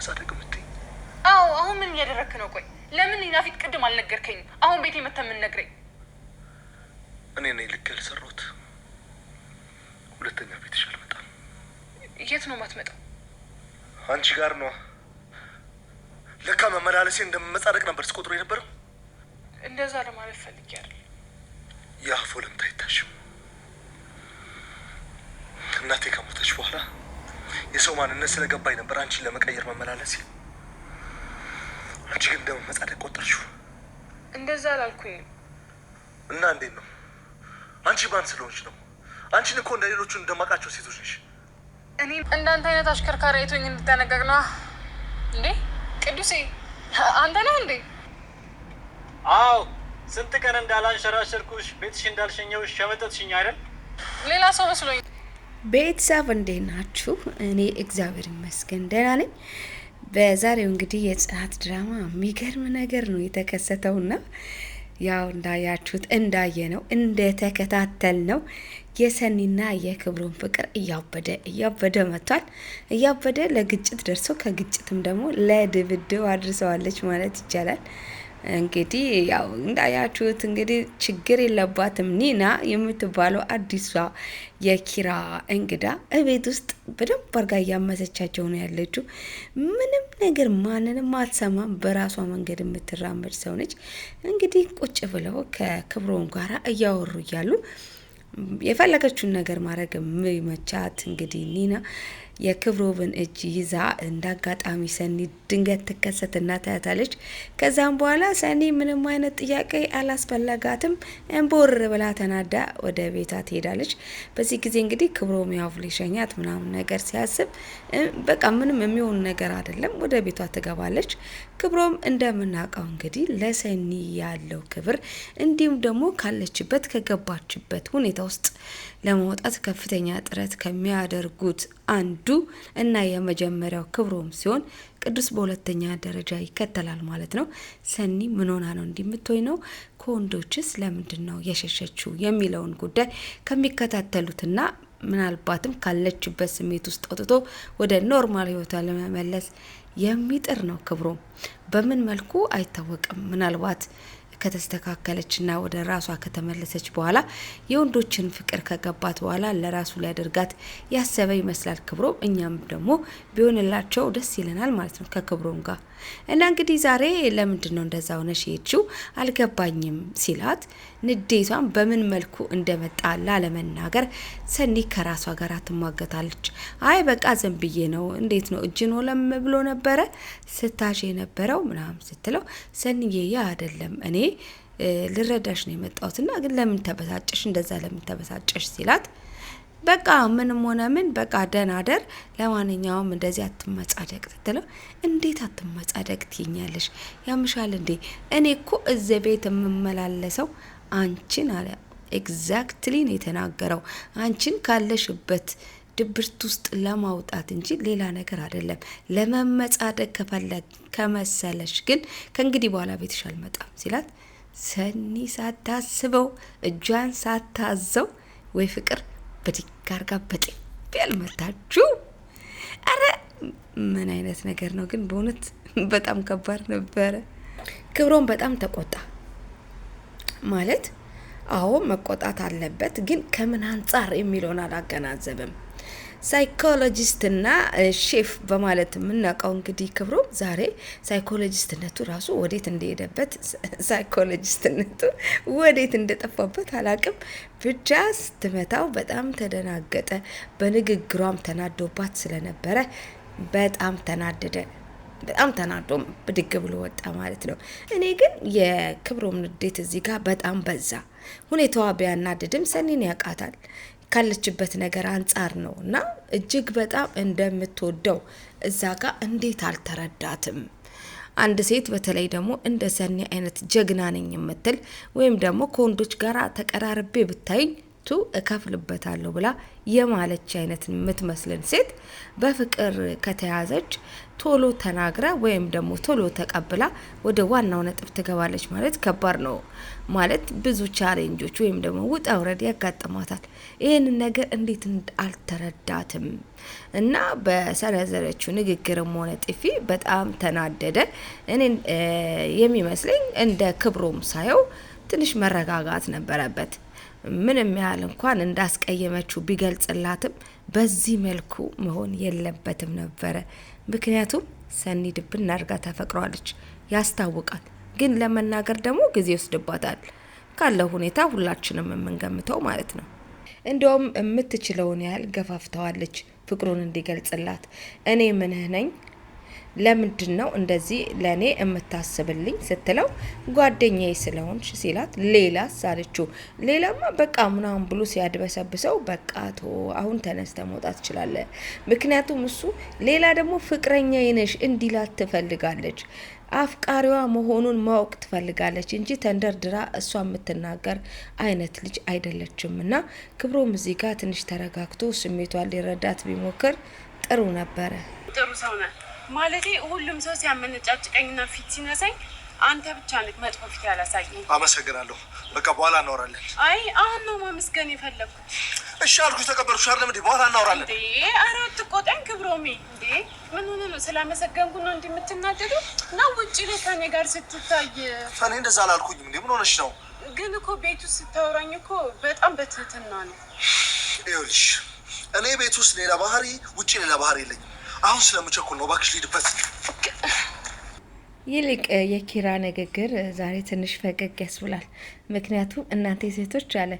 ለማሳደግ የምትይኝ? አዎ። አሁን ምን እያደረክ ነው? ቆይ ለምን ናፊት ቅድም አልነገርከኝ አሁን ቤት የመተ የምንነግረኝ? እኔ ነኝ ልክ ያልሰራሁት። ሁለተኛ ቤትሽ አልመጣም። የት ነው የማትመጣው? አንቺ ጋር ነዋ። ለካ መመላለሴ እንደምመጻደቅ ነበር ስቆጥሮ የነበረው። እንደዛ ለማለት ፈልጌ አይደል። የአፎ ለምታ አይታሽም እናቴ ከማ ማንነት ስለገባኝ ነበር አንቺን ለመቀየር መመላለስ። አንቺ ግን ደግሞ መጻደቅ ቆጠርሽው። እንደዛ አላልኩኝም። እና እንዴት ነው አንቺ ማን ስለሆንሽ ነው? አንቺን እኮ እንደ ሌሎቹ እንደማውቃቸው ሴቶች ነሽ። እኔ እንዳንተ አይነት አሽከርካሪ አይቶኝ እንድጠነቀቅ ነዋ። እንዴ ቅዱሴ አንተ ነው እንዴ? አዎ ስንት ቀን እንዳላንሸራሸርኩሽ ቤትሽ እንዳልሸኘውሽ ሸመጠትሽኝ አይደል? ሌላ ሰው መስሎኝ ቤተሰብ እንዴት ናችሁ? እኔ እግዚአብሔር ይመስገን ደህና ነኝ። በዛሬው እንግዲህ የጽናት ድራማ የሚገርም ነገር ነው የተከሰተውና ያው እንዳያችሁት እንዳየ ነው እንደተከታተል ነው የሰኒና የክብሩን ፍቅር እያበደ እያበደ መጥቷል። እያበደ ለግጭት ደርሶ ከግጭትም ደግሞ ለድብድብ አድርሰዋለች ማለት ይቻላል። እንግዲህ ያው እንዳያችሁት እንግዲህ ችግር የለባትም ኒና የምትባለው አዲሷ የኪራ እንግዳ እቤት ውስጥ በደንብ አርጋ እያመሰቻቸው ነው ያለችው። ምንም ነገር ማንንም አትሰማም፣ በራሷ መንገድ የምትራመድ ሰው ነች። እንግዲህ ቁጭ ብለው ከክብሮን ጋር እያወሩ እያሉ የፈለገችውን ነገር ማድረግ የሚመቻት እንግዲህ ኒና የክብሮብን እጅ ይዛ እንዳጋጣሚ ሰኒ ድንገት ትከሰትና ታያታለች። ከዛም በኋላ ሰኒ ምንም አይነት ጥያቄ አላስፈለጋትም። እምቦር ብላ ተናዳ ወደ ቤታ ትሄዳለች። በዚህ ጊዜ እንግዲህ ክብሮም ያው ሊሸኛት ምናምን ነገር ሲያስብ በቃ ምንም የሚሆን ነገር አይደለም፣ ወደ ቤቷ ትገባለች። ክብሮም እንደምናውቀው እንግዲህ ለሰኒ ያለው ክብር እንዲሁም ደግሞ ካለችበት ከገባችበት ሁኔታ ውስጥ ለመውጣት ከፍተኛ ጥረት ከሚያደርጉት አንዱ እና የመጀመሪያው ክብሮም ሲሆን ቅዱስ በሁለተኛ ደረጃ ይከተላል ማለት ነው። ሰኒ ምን ሆና ነው እንዲምትሆኝ ነው? ከወንዶችስ ለምንድን ነው የሸሸችው? የሚለውን ጉዳይ ከሚከታተሉትና ምናልባትም ካለችበት ስሜት ውስጥ አውጥቶ ወደ ኖርማል ህይወቷ ለመመለስ የሚጥር ነው። ክብሮም በምን መልኩ አይታወቅም። ምናልባት ከተስተካከለችና ወደ ራሷ ከተመለሰች በኋላ የወንዶችን ፍቅር ከገባት በኋላ ለራሱ ሊያደርጋት ያሰበ ይመስላል ክብሮም። እኛም ደግሞ ቢሆንላቸው ደስ ይለናል ማለት ነው ከክብሮም ጋር እና እንግዲህ ዛሬ ለምንድን ነው እንደዛ ሆነሽ ሄድሽው አልገባኝም ሲላት ንዴቷን በምን መልኩ እንደመጣ ላለመናገር ሰኒ ከራሷ ጋር ትሟገታለች። አይ በቃ ዝም ብዬ ነው እንዴት ነው እጅን ወለም ብሎ ነበረ ስታሽ የነበረው ምናምን ስትለው ሰኒዬ ያ አይደለም እኔ ልረዳሽ ነው የመጣሁት ና ግን ለምን ተበሳጨሽ? እንደዛ ለምን ተበሳጨሽ ሲላት በቃ ምንም ሆነ ምን በቃ ደናደር ለማንኛውም እንደዚህ አትመጻደቅ ስትለው እንዴት አትመጻደቅ ትይኛለሽ? ያምሻል እንዴ? እኔ እኮ እዚ ቤት የምመላለሰው አንቺን አለ ኤግዛክትሊ ነው የተናገረው አንቺን ካለሽበት ድብርት ውስጥ ለማውጣት እንጂ ሌላ ነገር አይደለም። ለመመጻደቅ ከፈለግ ከመሰለሽ ግን ከእንግዲህ በኋላ ቤትሽ አልመጣም ሲላት ሰኒ ሳታስበው እጇን ሳታዘው ወይ ፍቅር በድግ አርጋ በጥፊ ያልመታችሁ። አረ ምን አይነት ነገር ነው ግን! በእውነት በጣም ከባድ ነበረ። ክብሮም በጣም ተቆጣ። ማለት አዎ መቆጣት አለበት፣ ግን ከምን አንጻር የሚለውን አላገናዘብም። ሳይኮሎጂስትና ሼፍ በማለት የምናውቀው እንግዲህ ክብሮም ዛሬ ሳይኮሎጂስትነቱ ራሱ ወዴት እንደሄደበት ሳይኮሎጂስትነቱ ወዴት እንደጠፋበት አላቅም። ብቻ ስትመታው በጣም ተደናገጠ። በንግግሯም ተናዶባት ስለነበረ በጣም ተናደደ። በጣም ተናዶም ብድግ ብሎ ወጣ ማለት ነው። እኔ ግን የክብሮም ንዴት እዚህ ጋር በጣም በዛ። ሁኔታዋ ቢያናድድም ሰኒን ያውቃታል። ካለችበት ነገር አንጻር ነው እና እጅግ በጣም እንደምትወደው እዛ ጋር እንዴት አልተረዳትም? አንድ ሴት በተለይ ደግሞ እንደ ሰኔ አይነት ጀግና ነኝ የምትል ወይም ደግሞ ከወንዶች ጋር ተቀራርቤ ብታይኝ ቱ እከፍልበታለሁ ብላ የማለች አይነት የምትመስልን ሴት በፍቅር ከተያዘች ቶሎ ተናግራ ወይም ደግሞ ቶሎ ተቀብላ ወደ ዋናው ነጥብ ትገባለች ማለት ከባድ ነው። ማለት ብዙ ቻሌንጆች ወይም ደግሞ ውጣ ውረድ ያጋጥማታል። ይህንን ነገር እንዴት አልተረዳትም እና በሰነዘረችው ንግግርም ሆነ ጥፊ በጣም ተናደደ። እኔን የሚመስለኝ እንደ ክብሮም ሳየው ትንሽ መረጋጋት ነበረበት። ምንም ያህል እንኳን እንዳስቀየመችው ቢገልጽላትም በዚህ መልኩ መሆን የለበትም ነበረ። ምክንያቱም ሰኒ ድብን አድርጋ ተፈቅሯለች፣ ያስታውቃል። ግን ለመናገር ደግሞ ጊዜ ይወስድባታል። ካለው ሁኔታ ሁላችንም የምንገምተው ማለት ነው። እንደውም የምትችለውን ያህል ገፋፍተዋለች ፍቅሩን እንዲገልጽላት። እኔ ምንህ ነኝ ለምንድን ነው እንደዚህ ለእኔ የምታስብልኝ ስትለው ጓደኛዬ ስለሆንሽ ሲላት፣ ሌላስ አለችው። ሌላማ በቃ ምናምን ብሎ ሲያድበሰብሰው በቃ ቶ አሁን ተነስተ መውጣት ትችላለ። ምክንያቱም እሱ ሌላ ደግሞ ፍቅረኛ ይነሽ እንዲላት ትፈልጋለች። አፍቃሪዋ መሆኑን ማወቅ ትፈልጋለች እንጂ ተንደርድራ እሷ የምትናገር አይነት ልጅ አይደለችም። እና ክብሮም እዚህ ጋር ትንሽ ተረጋግቶ ስሜቷን ሊረዳት ቢሞክር ጥሩ ነበረ። ጥሩ ሰው ነህ ማለቴ ሁሉም ሰው ሲያመነጫጭቀኝና ፊት ሲነሳኝ አንተ ብቻ ነህ መጥፎ ፊት ያላሳየኝ። አመሰግናለሁ። በቃ በኋላ እናወራለን። አይ አሁን ነው ማመስገን የፈለግኩት። እሺ አልኩሽ ተቀበልኩሽ አይደለም እንዴ? በኋላ እናወራለን። እንዴ ኧረ አትቆጣኝ ክብሮሜ። እንዴ ምን ሆነ ነው? ስላመሰገንኩ ነው እንዲህ የምትናደደው? ነው ውጭ ላይ ከኔ ጋር ስትታይ ፈኔ እንደዛ አላልኩኝም። እንዴ ምን ሆነሽ ነው? ግን እኮ ቤቱ ስታወራኝ እኮ በጣም በትህትና ነው። ይኸውልሽ እኔ ቤት ውስጥ ሌላ ባህሪ፣ ውጭ ሌላ ባህሪ የለኝም አሁን ስለምቸኩል ነው። እባክሽ ልሂድበት። ይልቅ የኪራ ንግግር ዛሬ ትንሽ ፈገግ ያስብላል። ምክንያቱም እናንተ ሴቶች አለ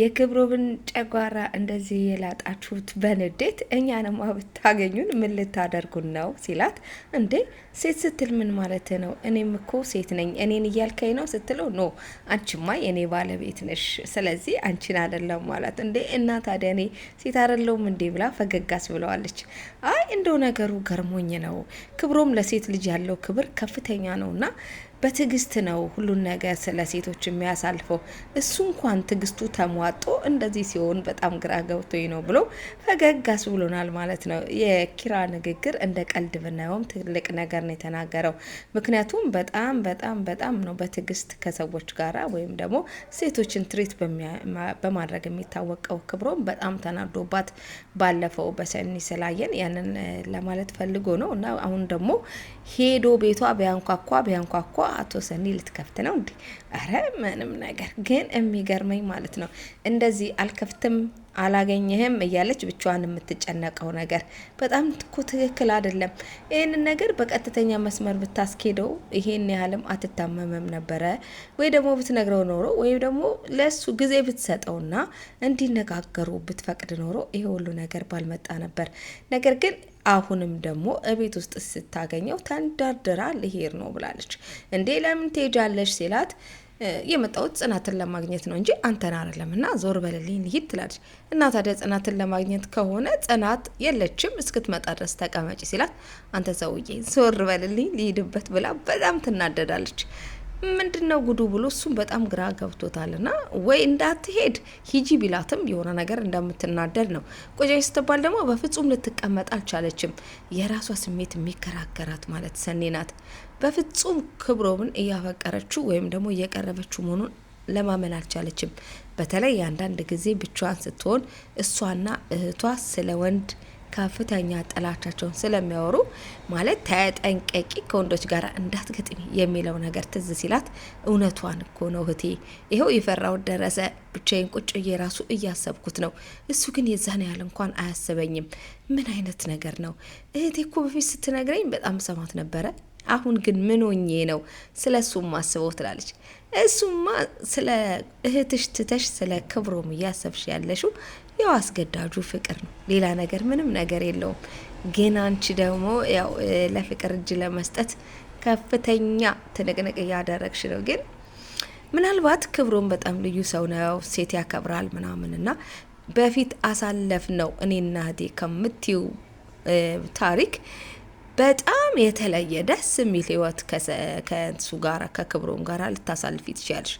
የክብሮብን ጨጓራ እንደዚህ የላጣችሁት በንዴት እኛንማ ብታገኙን ምን ልታደርጉን ነው ሲላት፣ እንዴ ሴት ስትል ምን ማለት ነው? እኔም እኮ ሴት ነኝ፣ እኔን እያልከኝ ነው ስትለው፣ ኖ አንቺማ የኔ ባለቤት ነሽ፣ ስለዚህ አንቺን አደለም ማለት እንዴ። እና ታዲያ እኔ ሴት አደለውም እንዴ ብላ ፈገጋስ ብለዋለች። አይ እንደው ነገሩ ገርሞኝ ነው፣ ክብሮም ለሴት ልጅ ያለው ክብር ከፍተኛ ነውና በትዕግስት ነው ሁሉን ነገር ስለ ሴቶች የሚያሳልፈው። እሱ እንኳን ትዕግስቱ ተሟጦ እንደዚህ ሲሆን በጣም ግራ ገብቶኝ ነው ብሎ ፈገግ አስብሎናል ማለት ነው። የኪራ ንግግር እንደ ቀልድ ብናየውም ትልቅ ነገር ነው የተናገረው። ምክንያቱም በጣም በጣም በጣም ነው በትዕግስት ከሰዎች ጋራ ወይም ደግሞ ሴቶችን ትሪት በማድረግ የሚታወቀው ክብሮም በጣም ተናዶባት ባለፈው በሰኒ ስላየን ያንን ለማለት ፈልጎ ነው እና አሁን ደግሞ ሄዶ ቤቷ ቢያንኳኳ ቢያንኳኳ አቶ ሰኒ ልትከፍት ነው እንዲህ። ኧረ ምንም ነገር ግን የሚገርመኝ ማለት ነው እንደዚህ አልከፍትም አላገኘህም እያለች ብቻዋን የምትጨነቀው ነገር በጣም እኮ ትክክል አይደለም። ይህንን ነገር በቀጥተኛ መስመር ብታስኬደው ይሄን ያህልም አትታመመም ነበረ። ወይ ደግሞ ብትነግረው ኖሮ ወይም ደግሞ ለእሱ ጊዜ ብትሰጠውና እንዲነጋገሩ ብትፈቅድ ኖሮ ይሄ ሁሉ ነገር ባልመጣ ነበር። ነገር ግን አሁንም ደግሞ እቤት ውስጥ ስታገኘው ተንደርድራ ልሄድ ነው ብላለች። እንዴ ለምን ትሄጃለሽ ሲላት የመጣሁት ጽናትን ለማግኘት ነው እንጂ አንተን አይደለም፣ እና ዞር በልልኝ ልሂድ ትላለች። እና ታዲያ ጽናትን ለማግኘት ከሆነ ጽናት የለችም እስክትመጣ ድረስ ተቀመጪ ሲላት፣ አንተ ሰውዬ ዞር በልልኝ ልሂድበት ብላ በጣም ትናደዳለች። ምንድን ነው ጉዱ ብሎ እሱም በጣም ግራ ገብቶታል። ና ወይ እንዳትሄድ ሂጂ ቢላትም የሆነ ነገር እንደምትናደድ ነው። ቆጃ ስትባል ደግሞ በፍጹም ልትቀመጥ አልቻለችም። የራሷ ስሜት የሚከራከራት ማለት ሰኔ ናት። በፍጹም ክብሮምን እያፈቀረችው ወይም ደግሞ እየቀረበችው መሆኑን ለማመን አልቻለችም። በተለይ አንዳንድ ጊዜ ብቻዋን ስትሆን እሷና እህቷ ስለ ወንድ ከፍተኛ ጥላቻቸውን ስለሚያወሩ ማለት ተጠንቀቂ፣ ከወንዶች ጋር እንዳትገጥሚ የሚለው ነገር ትዝ ሲላት እውነቷን እኮ ነው እህቴ፣ ይኸው የፈራው ደረሰ። ብቻዬን ቁጭ እየራሱ እያሰብኩት ነው። እሱ ግን የዛን ያህል እንኳን አያስበኝም። ምን አይነት ነገር ነው እህቴ? እኮ በፊት ስትነግረኝ በጣም ሰማት ነበረ አሁን ግን ምን ሆኜ ነው ስለ እሱም ማስበው ትላለች። እሱማ ስለ እህትሽ ትተሽ ስለ ክብሮም እያሰብሽ ያለሽው ያው አስገዳጁ ፍቅር ነው፣ ሌላ ነገር ምንም ነገር የለውም። ግን አንቺ ደግሞ ያው ለፍቅር እጅ ለመስጠት ከፍተኛ ትንቅንቅ እያደረግሽ ነው ግን ምናልባት ክብሮም በጣም ልዩ ሰው ነው፣ ሴት ያከብራል ምናምን እና በፊት አሳለፍ ነው እኔና እህቴ ከምትዩ ታሪክ በጣም የተለየ ደስ የሚል ህይወት ከእሱ ጋር ከክብሮም ጋር ልታሳልፊ ትችያለሽ።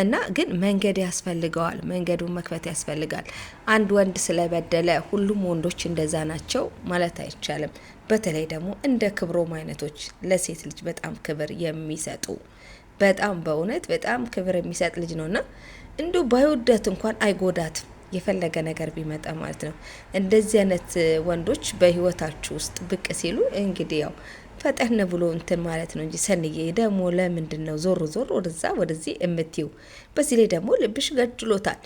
እና ግን መንገድ ያስፈልገዋል። መንገዱን መክፈት ያስፈልጋል። አንድ ወንድ ስለበደለ ሁሉም ወንዶች እንደዛ ናቸው ማለት አይቻልም። በተለይ ደግሞ እንደ ክብሮም አይነቶች ለሴት ልጅ በጣም ክብር የሚሰጡ በጣም በእውነት በጣም ክብር የሚሰጥ ልጅ ነውና እንዲሁ ባይወደት እንኳን አይጎዳትም። የፈለገ ነገር ቢመጣ ማለት ነው። እንደዚህ አይነት ወንዶች በህይወታችሁ ውስጥ ብቅ ሲሉ እንግዲህ ያው ፈጠን ብሎ እንትን ማለት ነው እንጂ ሰንዬ ደግሞ ለምንድን ነው ዞር ዞር ወደዛ ወደዚህ እምትይው? በዚህ ላይ ደግሞ ልብሽ ገድሎታል።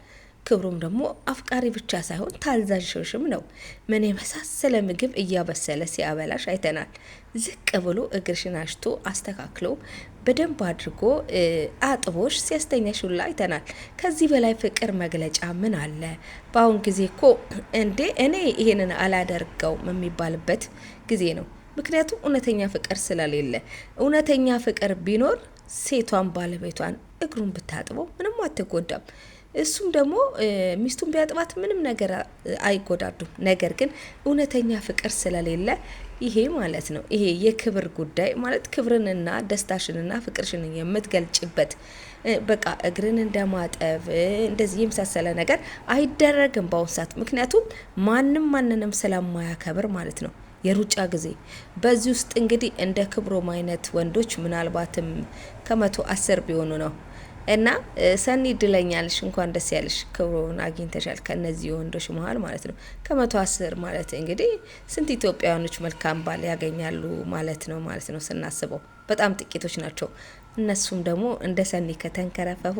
ክብሩም ደግሞ አፍቃሪ ብቻ ሳይሆን ታዛዥሽም ነው። ምን የመሳሰለ ምግብ እያበሰለ ሲያበላሽ አይተናል። ዝቅ ብሎ እግርሽን አሽቶ አስተካክሎ በደንብ አድርጎ አጥቦሽ ሲያስተኛሽ ሁላ አይተናል። ከዚህ በላይ ፍቅር መግለጫ ምን አለ? በአሁን ጊዜ እኮ እንዴ እኔ ይሄንን አላደርገውም የሚባልበት ጊዜ ነው። ምክንያቱም እውነተኛ ፍቅር ስለሌለ፣ እውነተኛ ፍቅር ቢኖር ሴቷን ባለቤቷን እግሩን ብታጥበው ምንም አትጎዳም። እሱም ደግሞ ሚስቱን ቢያጥባት ምንም ነገር አይጎዳዱም። ነገር ግን እውነተኛ ፍቅር ስለሌለ ይሄ ማለት ነው። ይሄ የክብር ጉዳይ ማለት ክብርንና ደስታሽንና ፍቅርሽን የምትገልጭበት በቃ እግርን እንደማጠብ እንደዚህ የመሳሰለ ነገር አይደረግም በአሁን ሰዓት። ምክንያቱም ማንም ማንንም ስለማያከብር ማለት ነው። የሩጫ ጊዜ በዚህ ውስጥ እንግዲህ እንደ ክብሮም አይነት ወንዶች ምናልባትም ከመቶ አስር ቢሆኑ ነው እና ሰኒ እድለኛልሽ፣ እንኳን ደስ ያለሽ፣ ክብሩን አግኝተሻል። ከእነዚህ ወንዶች መሀል ማለት ነው ከመቶ አስር ማለት እንግዲህ ስንት ኢትዮጵያውያኖች መልካም ባል ያገኛሉ ማለት ነው ማለት ነው ስናስበው በጣም ጥቂቶች ናቸው። እነሱም ደግሞ እንደ ሰኒ ከተንከረፈፉ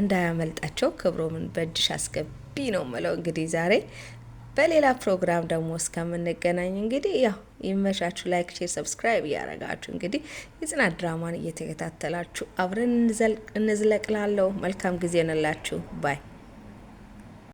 እንዳያመልጣቸው ክብሮምን በእጅሽ አስገቢ ነው ምለው እንግዲህ ዛሬ በሌላ ፕሮግራም ደግሞ እስከምንገናኝ እንግዲህ ያው ይመሻችሁ። ላይክ፣ ሼር፣ ሰብስክራይብ እያረጋችሁ እንግዲህ የጽናት ድራማን እየተከታተላችሁ አብረን እንዝለቅላለሁ። መልካም ጊዜ ነላችሁ ባይ